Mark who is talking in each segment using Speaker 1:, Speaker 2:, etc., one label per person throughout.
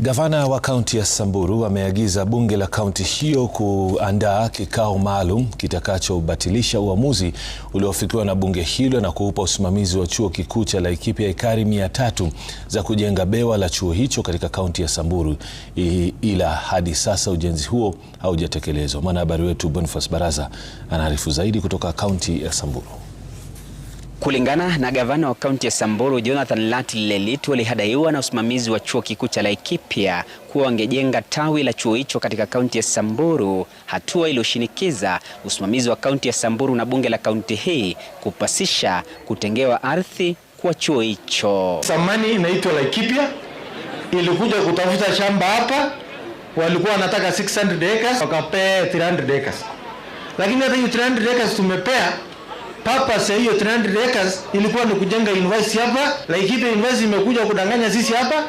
Speaker 1: Gavana wa kaunti ya Samburu ameagiza bunge la kaunti hiyo kuandaa kikao maalum kitakachobatilisha uamuzi uliofikiwa na bunge hilo na kuupa usimamizi wa chuo kikuu cha Laikipia ekari mia tatu za kujenga bewa la chuo hicho katika kaunti ya Samburu, ila hadi sasa ujenzi huo haujatekelezwa. Mwanahabari wetu Boniface Baraza anaarifu zaidi kutoka kaunti ya Samburu.
Speaker 2: Kulingana na gavana wa kaunti ya Samburu Jonathan Lati Lelit, walihadaiwa na usimamizi wa chuo kikuu cha Laikipia kuwa wangejenga tawi la chuo hicho katika kaunti ya Samburu, hatua iliyoshinikiza usimamizi wa kaunti ya Samburu na bunge la kaunti hii kupasisha kutengewa ardhi kwa chuo hicho.
Speaker 3: Samani inaitwa Laikipia ilikuja kutafuta shamba hapa, walikuwa wanataka 600 acres, wakapea 300 acres, lakini hata hiyo 300 acres tumepea purpose ya hiyo 300 acres ilikuwa ni kujenga university hapa. Laikipia University imekuja kudanganya sisi hapa,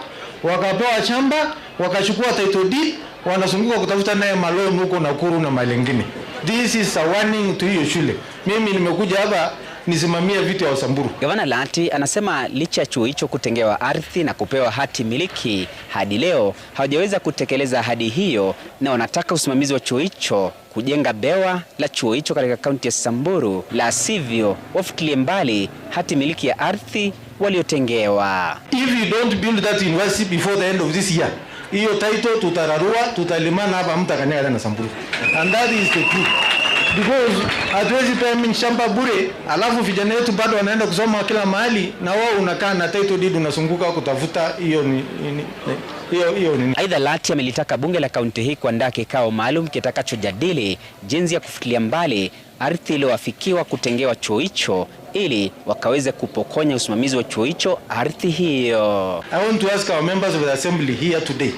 Speaker 3: wakapewa shamba, wakachukua title deed, wanazunguka kutafuta naye maloni huko Nakuru na malengine. This is a warning to hiyo shule. Mimi nimekuja hapa nisimamie vitu ya Wasamburu.
Speaker 2: Gavana Laati anasema licha ya chuo hicho kutengewa ardhi na kupewa hati miliki, hadi leo hawajaweza kutekeleza ahadi hiyo, na wanataka usimamizi wa chuo hicho kujenga bewa la chuo hicho katika kaunti ya Samburu, la sivyo wafutilie mbali hati miliki ya ardhi waliotengewa.
Speaker 3: If you don't build that university before the end of this year, hiyo title tutararua, tutalimana hapa mtakanyaga na Samburu. And that is the truth because hatuwezi pea shamba bure, alafu vijana wetu bado wanaenda kusoma kila mahali, na wao unakaa na title deed unasunguka kutafuta hiyo ni
Speaker 2: hiyo hiyo ni. Aidha, Lati amelitaka bunge la kaunti hii kuandaa kikao maalum kitakachojadili jinsi ya kufutilia mbali ardhi iliyoafikiwa kutengewa chuo hicho ili wakaweze kupokonya usimamizi wa chuo hicho ardhi hiyo.
Speaker 3: I want to ask our members of the assembly here today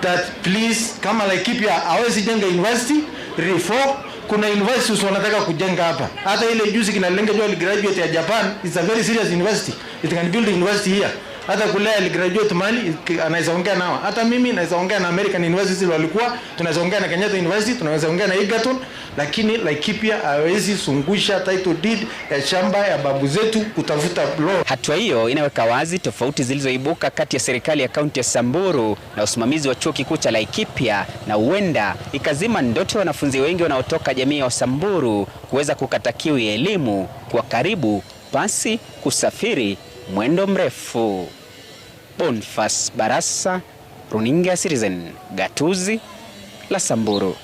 Speaker 3: that please kama Laikipia hawezi jenga university reform kuna universities wanataka kujenga hapa. Hata ile juzi kinalenga jua graduate ya Japan, it's a very serious university. It can build university here hata kule aligraduate mali anaweza ongea nao. Hata mimi naweza ongea na American University walikuwa, tunaweza ongea na Kenyatta University, tunaweza ongea na Egerton, lakini Laikipia hawezi sungusha title deed ya shamba ya babu zetu kutafuta law.
Speaker 2: Hatua hiyo inaweka wazi tofauti zilizoibuka kati ya serikali ya kaunti ya Samburu na usimamizi wa chuo kikuu cha Laikipia na huenda ikazima ndoto ya wanafunzi wengi wanaotoka jamii ya Wasamburu kuweza kukata kiu ya elimu kwa karibu pasi kusafiri mwendo mrefu. Bonfas Barasa, runinga Citizen, gatuzi la Samburu.